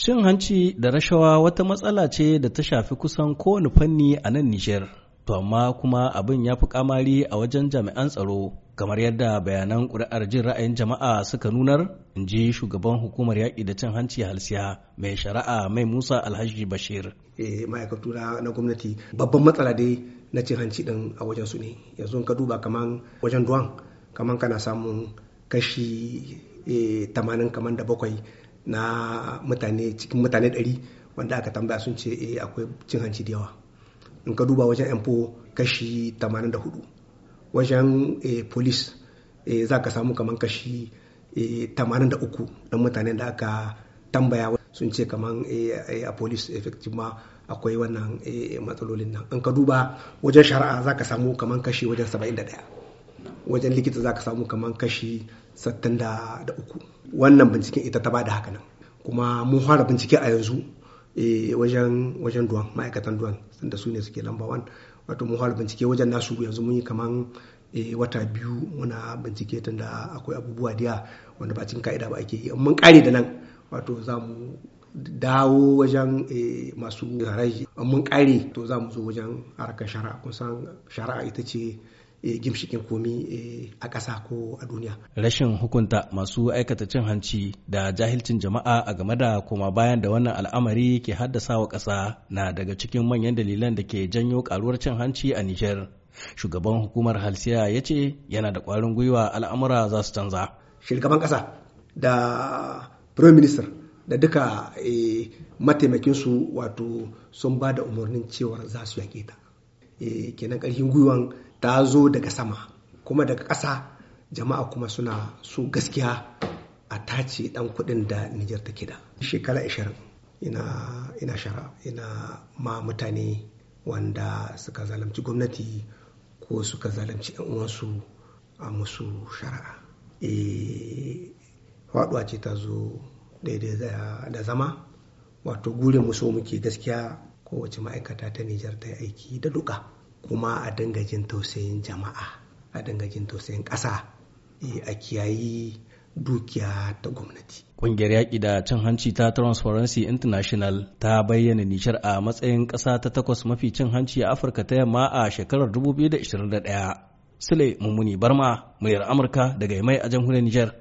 Cin hanci da rashawa wata matsala ce da ta shafi kusan kowane fanni a nan Nijar. To amma kuma abin ya fi kamari a wajen jami'an tsaro kamar yadda bayanan ƙuri'ar jin ra'ayin jama'a suka nunar in ji shugaban hukumar yaƙi da cin hanci halsiya mai shari'a mai musa alhaji bashir eh, ma'aikatu na gwamnati babban matsala dai na cin hanci din a wajen su ne yanzu ka duba kaman wajen duwan kaman kana samun kashi eh, tamanin kaman da bakwai na mutane cikin mutane ɗari wanda aka tambaya sun ce eh akwai cin hanci da yawa in ka duba wajen yan kashi 84 wajen eh, police eh, za ka samu kamar kashi 83 eh, don mutanen da aka tambaya sun ce kamar a police ma akwai wannan matsalolin nan in ka duba wajen shari'a za ka samu kamar kashi wajen 71 wajen likita za ka samu kamar kashi 63 wannan binciken ita ta bada haka nan kuma mun fara bincike a yanzu eh, wajen duwan ma'aikatan duwan da su ne suke lamba wan wato mun fara bincike wajen nasu yanzu mun yi kamar eh, wata biyu muna bincike tun da akwai abubuwa diya wanda ba cikin ka'ida ba ake yi mun kare da nan wato za mu dawo wajen eh, masu haraji mun kare to za mu zo wajen harkar shari'a kusan san shari'a ita ce Eh, gimshikin komi eh, a ƙasa ko a duniya. Rashin hukunta masu aikata cin hanci da jahilcin jama'a a game da koma bayan da wannan al'amari ke haddasa wa ƙasa na daga cikin manyan dalilan da ke janyo ƙaruwar cin hanci a Nijar. Shugaban hukumar Halsiya ya ce yana da ƙwarin gwiwa al'amura za su canza. Shugaban ƙasa da Prime Minister da duka eh, mataimakinsu wato sun ba da umarnin cewar za su yaƙe ta. Eh, kenan karfin gwiwan ta zo daga sama kuma daga ƙasa jama'a kuma suna so gaskiya a tace dan kuɗin da Nijar take da shekara 20 ina ina shara ina ma mutane wanda suka zalunci gwamnati ko suka zalunci yan uwansu a musu shari'a e eh, faduwa ce ta zo daidai da zama wato gure mu so muke gaskiya kowace ma'aikata ta Nijar ta yi aiki da duka kuma a dinga jin tausayin jama'a a dinga jin tausayin ƙasa eh, a kiyayi dukiya ta gwamnati. Ƙungiyar yaƙi da cin hanci ta Transparency International ta bayyana Nijar a matsayin ƙasa ta takwas mafi cin hanci a Afirka ta yamma a shekarar 2021. Sule Mummuni Barma, muryar Amurka daga mai a jamhuriyar Nijar.